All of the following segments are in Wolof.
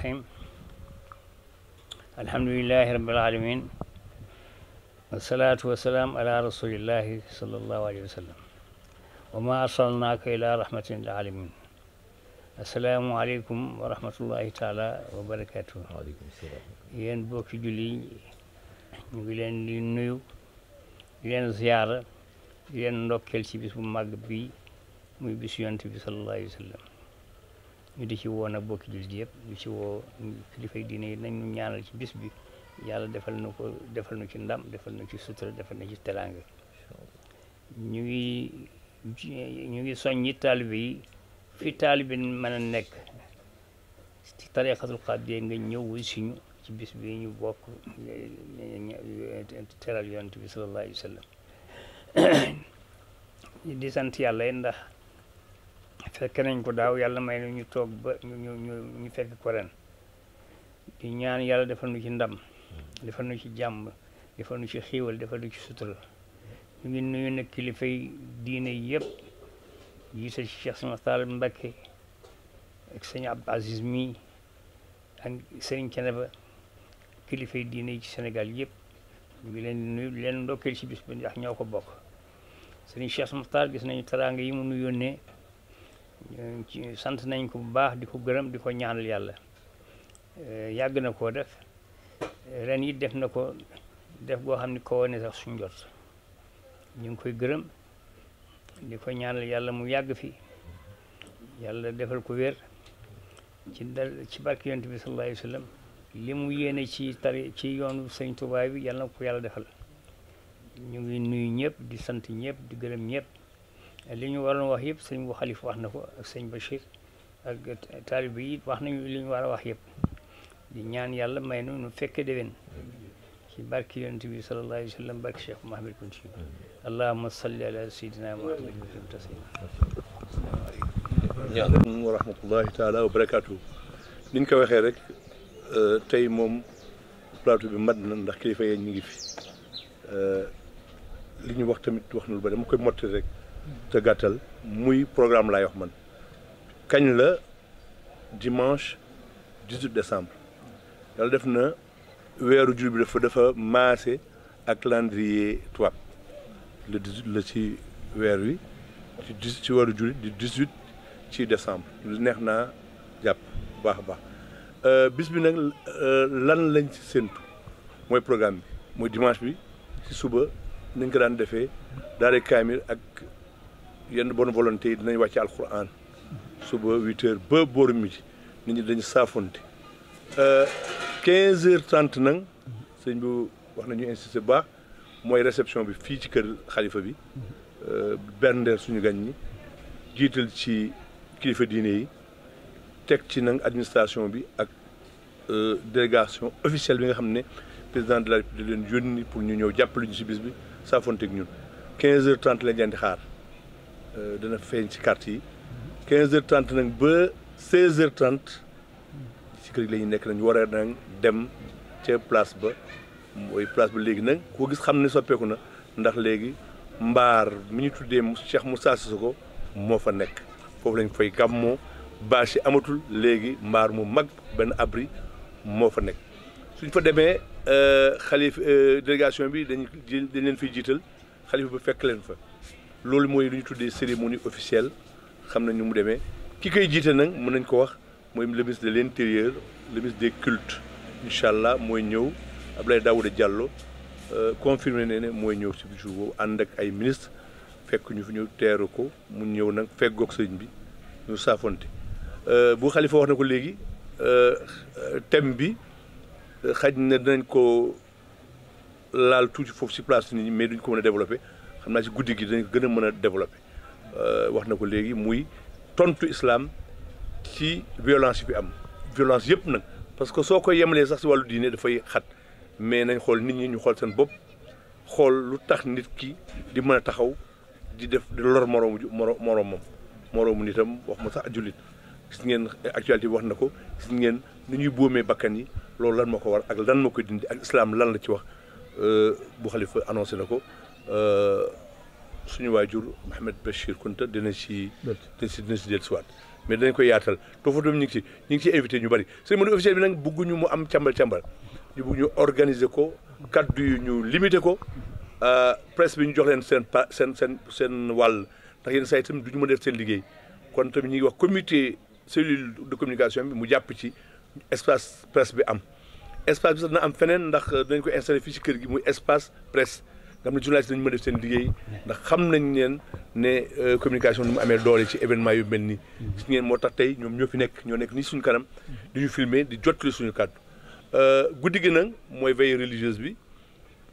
الرحيم الحمد لله رب العالمين والصلاة والسلام على رسول الله صلى الله عليه وسلم وما أرسلناك إلى رحمة للعالمين السلام عليكم ورحمة الله تعالى وبركاته وعليكم السلام yéen bokki julli ñu ngi leen di nuyu di leen ziyaara di leen ndokkeel ci bis bu màgg bi muy bis yonent bi sallallahu alayhi wa sallam ñu di ci woo nag bokki jullit yëpp ñu ci woo kilifay diine yi nañ ñu ñaanal ci bis bi yàlla defal na ko defal na ci ndam defal na ci sutura defal na ci teraanga ñu ñu ngi soññi taalibe yi fi taalibe mën nekk ci tariqatul qadir nga ñëw wuy siñu ci bis bi ñu bokk teral yonent bi sallallahu alayhi wa sallam di sant ndax fekk nañ ko daaw yàlla may na ñu toog ba ñu ñu ñu fekk ko ren di ñaan yàlla defal nu ci ndam defal nu ci jàmb defal ci xiiwal defal ci sutura ñu ngi nuyu nag kilifay diine yëpp jiital ci Cheikh Sama Taal Mbakke ak sëñ ak sëriñ Ceneba kilifay diine yi ci senegal yëpp ñu ngi leen di nuyu leen ndokkeel ci bis bi ndax ñoo ko bokk sëriñ Cheikh gis nañu teraanga yi mu nu yónnee ci sant nañ ko bu baax di ko gërëm di ko ñaanal yàlla eh, yàgg na koo def eh, ren yi def na ko def goo xam ne ko sax suñ jot ñu ngi koy gërëm di ko ñaanal yàlla mu yàgg fi yàlla defal ko wér ci dal ci barke yonent bi sallallahu alayhi li mu yéene ci tari ci yoonu sëñ Tuubaa bi yàlla na ko yàlla defal ñu ngi nuyu ñëpp di sant ñëpp di gërëm ñëpp li ñu waroon wax yëpp sëñ bu xalif wax na ko ak sëñ Bachir ak taalibe yi wax nañu li war a wax yëpp di ñaan yàlla may nu nu fekke déwén ci barki yonent bi sallallahu alayhi wa sallam barki Cheikh Mouhamed Kounti allahumma salli ala sayyidina Muhammad taslima asalaamaaleykum wa rahmatullahi taala wa barakaatu niñ waxee rek euh, tey moom plateau bi mat na ndax kilifa yee ñu ngi fi euh, li ñu wax tamit wax na lu bari dama rek ca gàttal muy programme laay wax man kañ la dimanche 18 décembre yàlla def na weeru jul bi dafa dafa maase ak calendrier tubaab le 18 la ci weer wi ci 18 ci weeru jul di 18 ci décembre neex naa jàpp baax a baax euh, bis bi nag euh, lan lañ ci séntu mooy programme bi mooy dimanche bi ci suba ni ñu ko daan defee daare kaamil ak yenn bon volonté yi dinañ wàcc alquran suba huit heures ba booru midi nit ñi dañu saafonte euh, quinze heures trente nag sëñ bu wax nañu insisté baax mooy réception bi fii ci kër xalifa bi euh, berndeer suñu gan ñi jiital ci kilifa diine yi teg ci nag administration bi ak euh, délégation officielle bi nga xam ne président de la république leen yónni pour ñu ñëw jàppale ñu si bis bi saafonte ak ñun quinze heures trente lañ leen di xaar Euh, dana feeñ ci carte yi 15 heures 30 nag ba 16 heures 30 ci kër gi la ñu nekk nañ nag dem ca place ba mooy place ba léegi nag koo gis xam ne soppeeku na ndax léegi mbaar mi ñu tuddee Cheikh Moussa ko moo fa nekk foofu lañ fay gàmmoo bâche yi amatul léegi mbaar mu mag benn abri moo fa nekk suñ fa demee euh, xalif euh, délégation bi dañ dañ leen fiy jiital xalif ba fekk leen fa loolu mooy lu ñu tuddee cérémonie officielle xam nañ ñu mu demee ki koy jiite nag mën nañ ko wax mooy le ministre de l' intérieur le ministre des allah mooy ñëw Abdoulaye Daouda Diallo euh, confirmé ne ne mooy ñëw si jour boobu ànd ak ay ministre fekk ñu fu ñu teeru ko mu ñëw nag feggoog sëñ bi ñu saafonte euh, bu xalifa wax na ko léegi euh, thème bi xaj na dinañ ko laal tuuti foofu si place nit ñi mais duñ ko mën a développé xam naa si guddi gi dañ ko gën a mën a développé euh, wax na ko léegi muy tontu islaam ci violence yi fi am violence yëpp nag parce que soo koy yemalee sax si wàllu diine dafay xat mais nañ xool nit ñi ñu xool seen bopp xool lu tax nit ki di mën a taxaw di def di lor moroomu moroomam moroomu nitam wax ma sax a jullit gis ngeen actualité bi wax na ko gis ngeen ni ñuy boomee bakkan yi loolu lan ma ko war ak lan ma koy dindi ak islam lan la ci wax euh, bu xalifa annoncé na ko Euh, suñu waajur Mouhamed Bachir Kounta dina si. dina si dina mais dinañ koy yaatal toofa doom ñu ngi si ñu ngi si invité ñu bari sëñ Modou officiel bi nag bëgguñu mu am càmbal càmbal ñu bëgg ñu organiser ko kaddu yi ñu limité ko euh, presse bi ñu jox leen seen pa seen seen seen wàll ndax yenn saa tamit du ñu mën def seen liggéey kon tamit ñu ngi wax comité cellule de communication bi mu jàpp ci espace presse bi am espace bi sax na am feneen ndax dinañ ko installé fii ci kër gi muy espace presse. nga xam ne journaliste dañu mën def seen liggéey ndax xam nañ leen ne euh, communication ni mu amee doole ci événement yu mel nii si ngeen moo tax tey ñoom ñoo fi nekk ñoo nekk nii suñu kanam di ñu filmer di jottali suñu kàddu euh, guddi gi nag mooy veille bi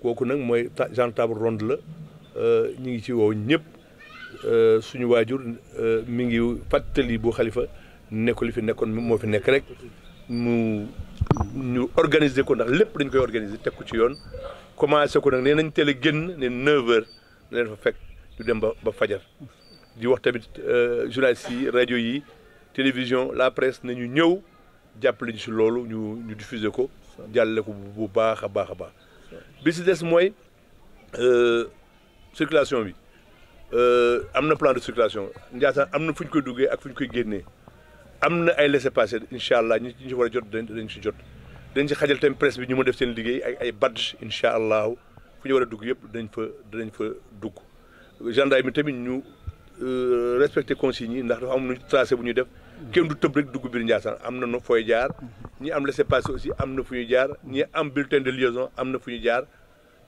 kooku nag mooy genre table ronde la euh, ñu ngi ci woow ñëpp suñu waajur mi ngi fàttali bu xalifa ne ko fi nekkoon moo fi nekk rek mu ñu organiser ko ndax lépp dañ koy organiser teg ko ci yoon commencé ko nag nee nañ teel a génn ne 9h na leen fa fekk du dem ba ba fajar di wax tamit euh, journalistes si rajo yi télévision la press presse ñu ñëw jàppale ñu si loolu ñu ñu diffuser ko jàllale ko bu baax a baax a baax bi si des mooy euh, circulation bi euh, am na plan de circulation Ndiassane am na fu ñu koy duggee ak fu ñu koy génnee am na ay laissez-passer incha allah ñi ci war a jot dañ si jot. dañ si xajal tamit presse bi ñu ma def seen liggéey ay ay badge incha allahu fu ñu war a dugg yëpp dañ fa danañ fa dugg gendarme tamit ñu euh, respecté consignes yi ndax dafa am nu tracé bu ñu def kenn du tëb rek bi biir Ndiassane am na nu fooy jaar ñi am laissez-passer aussi am na fu ñu jaar ñi am bulletin de liaison am na fu ñu jaar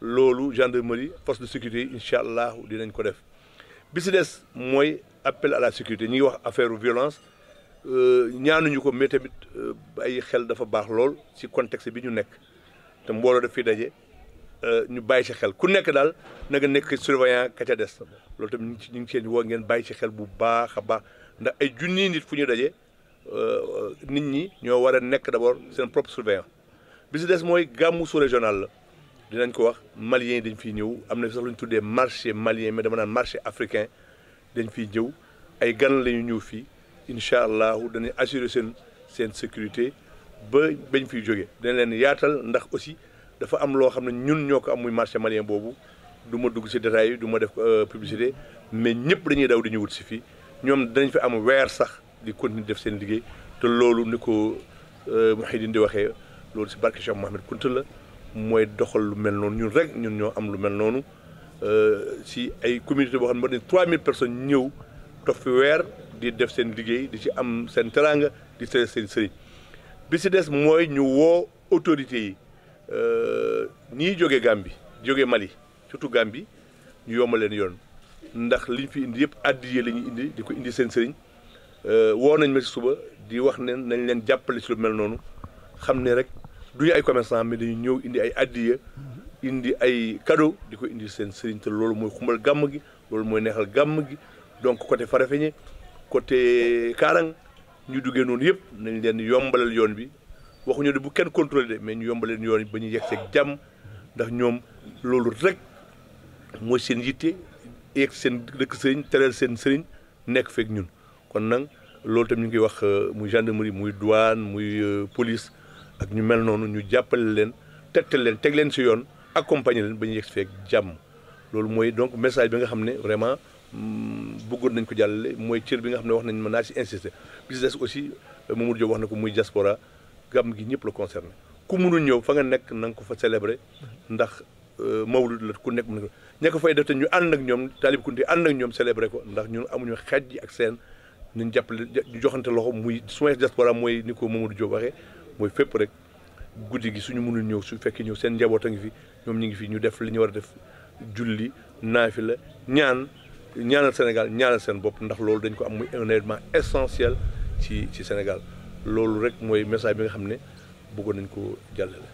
loolu gendarmerie force de sécurité yi incha allahu dinañ ko def bi si des mooy appel à la sécurité ñi ngi wax affaire violence Euh, ñaanuñu ko mais tamit euh, ay xel dafa baax lool ci contexte bi ñu nekk te mbooloo daf fi daje euh, ñu bàyyi si xel ku nekk daal na nekk surveillant ka ca des loolu tamit ñu ngi ci ñu ngi seen woo ngeen bàyyi ci xel bu baax a baax ndax ay junni nit fu ñu daje nit ñi ñoo war a nekk d'abord seen propre surveillant bi ci des mooy gàmmu su régional la dinañ ko wax malien yi dañ fiy ñëw am na sax lu ñu tuddee marché malien mais dama naan marché africain dañ fi ñëw ay gan la ñu ñëw fii incha allahu dañuy assurer seen seen sécurité ba bañ fiy jóge dañ leen yaatal ndax aussi dafa am loo xam ne ñun ñoo ko am muy marché malien boobu du ma dugg si détails yi du ma def euh, publicité mais ñëpp dañuy daw di ñu wut si fii ñoom dañ fi am weer sax di continuer def seen liggéey te loolu ni ko euh, Mouhidine di waxee loolu si barke Cheikh Mohamed Kounta la mooy doxal lu mel noonu ñun rek ñun ñoo am lu mel noonu euh, si ay communauté boo xam ne moo ne 3000 personnes ñëw toog fi weer di def seen liggéey di ci am seen teraanga di seen seen sëriñ bi si des mooy ñu woo autorité yi euh, ñii jóge Gambie jóge Mali surtout Gambie ñu yombal leen yoon ndax liñ fi indi yëpp addiye la ñu indi di ko indi seen sëriñ euh, woo nañ ma si suba di wax ne nañ leen jàppale si lu mel noonu xam ne rek duñu ay commerçant mais dañu ñëw indi ay addiye indi ay cadeau di ko indi seen sëriñ te loolu mooy xumbal gàmm gi loolu mooy neexal gàmm gi donc côté Farafeñe côté Kaarang ñu duggee noonu yëpp nañ leen yombalal yoon bi waxuñu ne bu kenn contrôlé de mais ñu yombalal yoon bi ba ñu yegg ak jàmm ndax ñoom loolu rek mooy seen yitte yegg seen dëkk sëriñ tereel seen sëriñ nekk feek ñun kon nag loolu tam ñu ngi wax euh, muy gendarmerie muy duwaan muy euh, police ak ñu mel noonu ñu jàppale leen tegtal leen teg leen si yoon accompagner leen ba ñu yegg feek jàmm loolu mooy donc message bi nga xam ne vraiment mm, bëggoon nañ ko jàllale mooy cër bi nga xam ne wax nañ ma naa ci insister bi ci des aussi euh, Mamadou Diop wax na ko muy diaspora gàmm gi ñëpp la concerné ku mënul ñëw fa nga nekk na ko fa célébrer ndax euh, mawlud la ku nekk mën ko ña ko fay def te ñu ànd ak ñoom taalib kunte ànd ak ñoom célébrer ko ndax ñun amuñu xeej yi ak seen ñu ñu joxante loxo muy su soin diaspora mooy ni ko Mamadou Diop waxee mooy fépp rek guddi gi suñu mënul ñëw su fekkee ñëw seen njaboot a ngi fi ñoom ñu ngi fi ñu def li ñu war a def julli naafi la ñaan ñaanal Sénégal ñaanal seen bopp ndax loolu dañ ko am muy un élément essentiel ci ci Sénégal loolu rek mooy message bi nga xam ne bëggoon nañ ko jàllale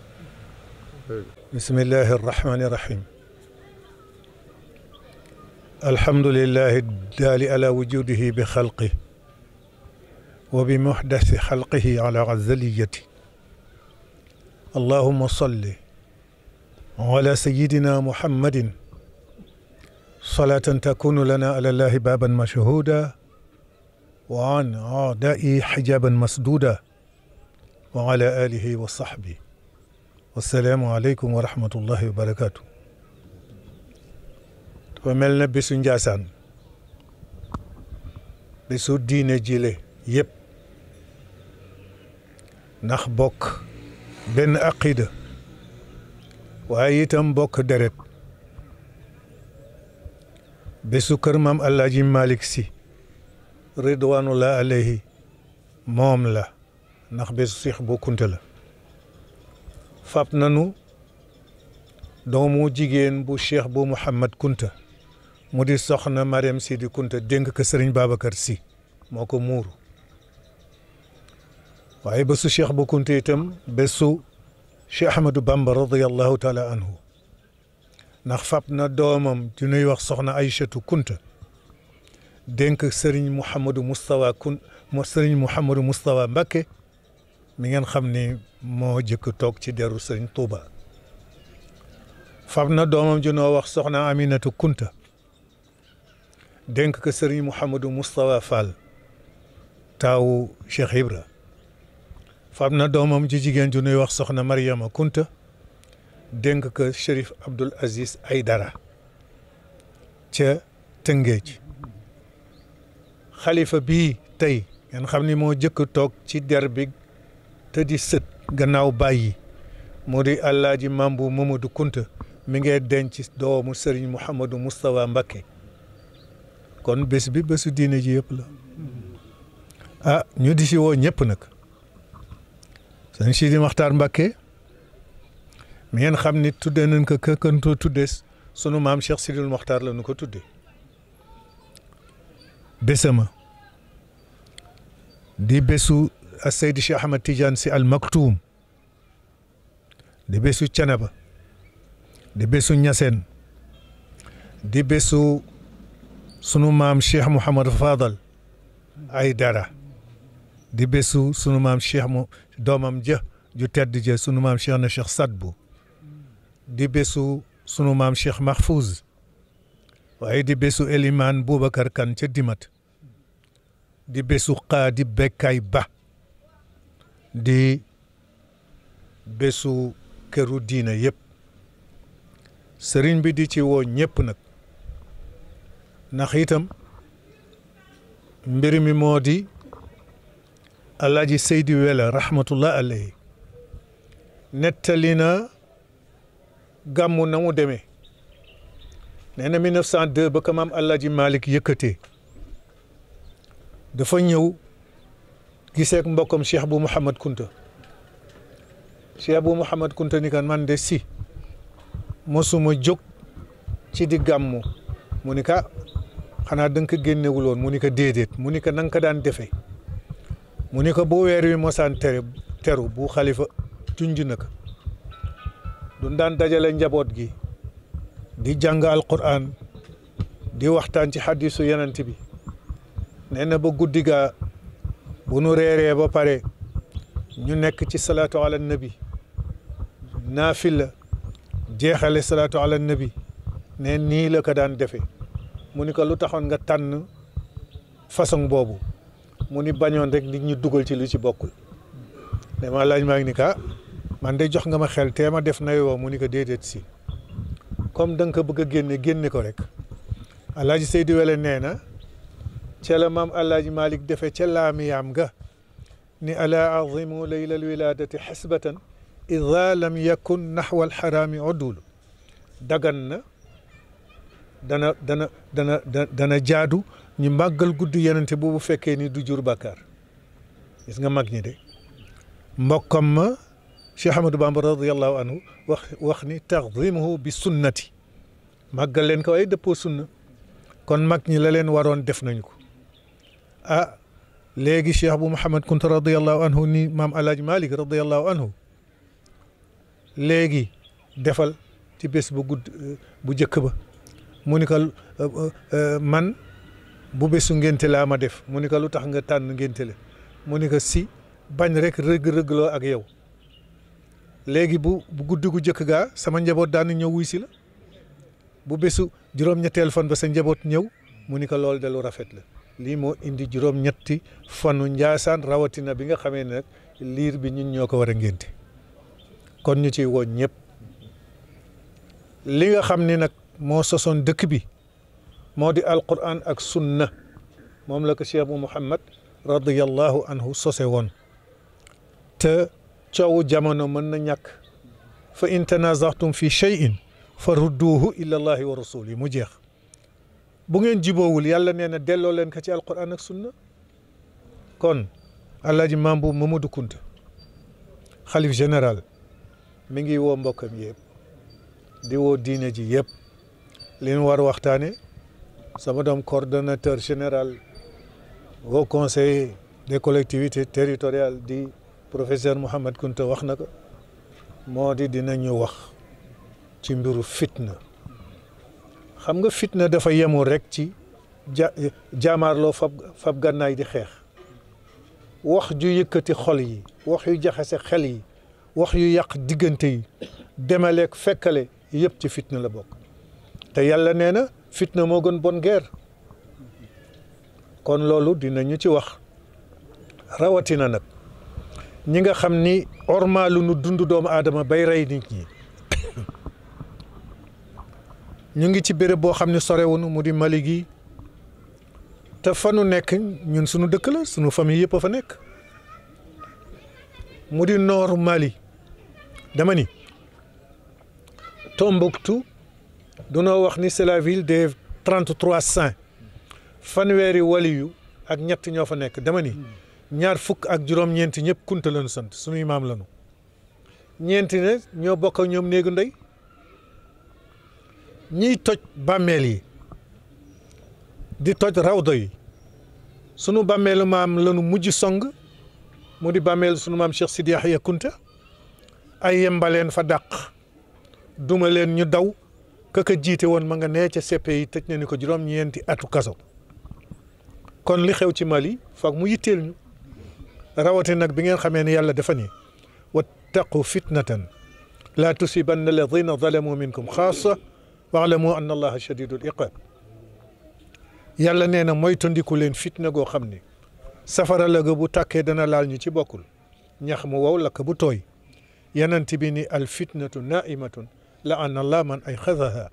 bismillahi arrahmani irrahim alhamdulilahi daali ala wujudihi bi xalqi wa bi muxdasi xalqihi ala azaliyati allahuma salli ala sayidina muhammadin salaatan takunu lana ala llahi baaban mashhuuda wa an aadai xijaaban masduuda wa ala alihi wa saxbi wassalaamu aleykum wa rahmatullahi wa barakaatu dafa mel na bisu njaasaan bisu diine jile yëpp ndax bokk benn aqida waaye itam bokk deret bésu kër maam Alaaji Malick si ridwanullah alayhi moom la ndax bésu Seex Boo Kunta la fab nanu doomu jigéen bu Cheikh bu Mouhamad Kunta mu di soxna Mariam Sidi Kunta dénk ko sëriñ kër si moo ko muuru waaye bésu Cheikh Bou Kounta itam bésu Cheikh Ahmadou Bamba radiyallahu taala anhu ndax fab na doomam di nuy wax soxna Aïchatou Kunta dénk Serigne Mouhamadou Moustapha Kun Serigne Mouhamadou Moustapha mbake mi ngeen xam ni moo jëkk toog ci deru Serigne Touba fab na doomam ju wax soxna Aminatu Kunta dénk ko Serigne Mouhamadou Moustapha Fall taawu Cheikh Ibra fab na doomam ju jigéen ju nuy wax soxna Mariama Kunta dénk ko Chérif Abdoul Aziz Aydara ca Tëngéej xalifa bi tey ngeen xam ni moo jëkk toog ci der bi te di sët gannaaw bàyyi moo di Alaaji Mambu Mamadou Kunta mi ngee denc doomu Serigne Mouhamadou Moustapha mbake kon bés bi bésu diine ji yëpp la a ah, ñu di si woo ñëpp nag sëñ Sidi Maxtaar Mbacké mais xam ni tuddee nañ ko këkkantoo tuddees sunu maam Cheikh Sidil Mokhtar la nu ko tuddee bésama di bésu Seydi Cheikh Ahmad Tidiane si al Maktoum di bésu Canaba di bésu Ñaseen di bésu sunu maam Cheikh Mouhamad Fadal ay dara di bésu sunu maam Cheikh mu doomam ja ju tedd ja sunu maam Cheikh na Cheikh Sadbu di bésu sunu maam Cheikh Mahfouz waaye di bésu Elimaan Boubacar Kan ca Dimat di bésu Qaadi Bekkaay Ba di bésu këru diina yëpp sëriñ bi di ci woo ñëpp nag ndax itam mbir mi moo di Alaaji Seydi Wela rahmatullah gàmmu na mu deme nee na 1902 ba ka maam ji Malick yëkkate dafa ñëw giseek mbokkam Cheikh bu Mouhamad Kunta Cheikh bu Mouhamad Kunta ni kan man de si suma jóg ci di gàmmu mu ni ka xanaa da nga ko génnewuloon mu ni ka déedéet mu ni ka na nga ko daan defe mu ni ko boo weer wi mosaan tere teru bu xalifa junj duñ daan dajale njaboot gi di jàng alquran di waxtaan ci xadisu yenant bi nee ba guddi gaa bu nu reeree ba pare ñu nekk ci salaatu ala nabi naafila jeexale salaatu ala nabi ne nii la ko daan defe mu ni ko lu taxoon nga tànn façon boobu mu ni bañoon rek nit ñi dugal ci lu ci bokkul dama laaj maa ni ka man de jox nga ma xel teem a def na yoo mu ni ko déedéet si comme da nga ko bëgg a génne génne ko rek alaaji Seydou Wele nee na ca la maam alaaji Malick defe ca laamiyaam nga ni alaa azimu layla alwiladati xisbatan ida lam yakun naxwa alxaraami odul dagan na dana dana dana dana jaadu ñu màggal gudd yenente boobu fekkee ni du jur bàkkaar gis nga mag ñi de mbokkam ma Cheikh Ahmadou Bamba radiallahu anhu wax wax ni taxdimuhu bi sunnati màggal leen ko ay dëppoo sunna kon mag ñi la leen waroon def nañu ko ah léegi Cheikh bu Mouhamad Kunta radiallahu anhu ni maam Alaaji Malik radiallahu anhu léegi defal ci bés bu gudd bu jëkk ba mu ni ko man bu bésu ngénte laa ma def mu ni ko lu tax nga tànn ngénte la mu ni ko si bañ rek rëgg-rëggloo ak yow léegi bu bu guddi gu njëkk gaa sama njaboot daan ñëw wuy si la bu bésu juróom-ñetteel fan ba sa njaboot ñëw mu ni ko loolu de lu rafet la lii moo indi juróom-ñetti fanu njaasaan rawatina bi nga xamee ne nag liir bi ñun ñoo ko war a ngénte kon ñu ciy woon ñëpp li nga xam ni nag moo sosoon dëkk bi moo di alquran ak sunna moom la ko cheikh bu muhammad radiyallahu anhu sose woon te coowu jamono mën na ñàkk fa in tanazaxtum fi cheyin fa rudduuhu ila allahi wa rasul yi mu jeex bu ngeen jiboowul yàlla nee na delloo leen ko ci alquran ak sunna kon alaaji maam bu Mamadou Kounta xalif général mi ngi woo mbokkam yëpp di woo diine ji yëpp li ñu war waxtaane sama doom coordonnateur général au conseil des collectivités territorial di professeur Mouhamed Kounta wax na ko moo di dina dinañu wax ci mbiru fitna xam nga fitna dafa yemul rekk ci ja jaamaarloo fab fab gànnaay di xeex wax ju yëkkati xol yi wax yu jaxase xel yi wax yu yàq diggante yi demaleek fekkale yëpp ci fitna la bokk te yàlla nee na fitna moo gën bon guerre kon loolu dina ñu ci wax rawatina nag ñi nga xam ni ormaalu nu dundu doomu aadama bay rey nit ñi ñu ngi ci béréb boo xam ne sorewunu mu di Mali gi te fa nekk ñun sunu dëkk la sunu famille yëpp a fa nekk mu di nooru Mali dama ni Tombouctou dunoo wax ni c'est la ville des trente-trois saints fanweeri waliyu ak ñett ñoo fa nekk dama ni ñaar fukk ak juróom-ñeenti ñëpp kunta lañu sant suñuy maam lañu ñeenti ne ñoo bokk ak ñoom néegu ndey ñiy toj bàmmeel yi di toj rawdo yi sunu bàmmeelu maam lañu mujj song mu di bàmmeelu sunu maam Cheikh Sidi Yahya Kunta ay yembaleen fa dàq duma leen ñu daw kaka jiite woon ma nga nee ca CP yi tëj na ni ko juróom-ñeenti atu kaso kon li xew ci Mali foog mu yitteel ñu rawate nag bi ngeen xamee ne yàlla dafa ni wattaqu fitnatan laa tusibanna alladina zalamu minkum xaasa waalamu anna allaha shadidul iqab yàlla nee na moytandiku leen fitna goo xam ne safara la ga bu takkee dana laal ñu ci bokkul ñax mu wow lakk bu tooy yenent bi ni al fitnatu naimatun la an allah man ay xasaha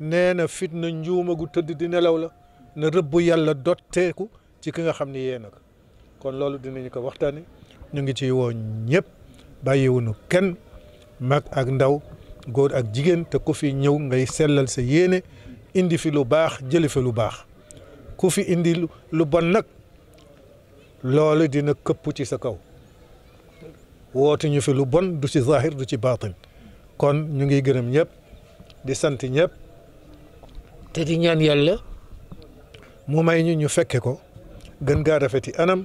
nee na fitna njuuma gu tëdd di nelaw la na rëbb yàlla dotteeku ci ki nga xam ne yee na kon loolu dinañu ko waxtaane ñu ngi ciy woo ñëpp bàyyiwunu kenn mag ak ndaw góor ak jigéen te ku fi ñëw ngay sellal sa yéene indi fi lu baax jëli fi lu baax ku fi indi lu bon nag loolu dina këpp ci sa kaw woote ñu fi lu bon du ci zahir du ci baatin kon ñu ngi gërëm ñëpp di sant ñëpp te di ñaan yàlla mu may ñu ñu fekke ko gën gaa rafeti anam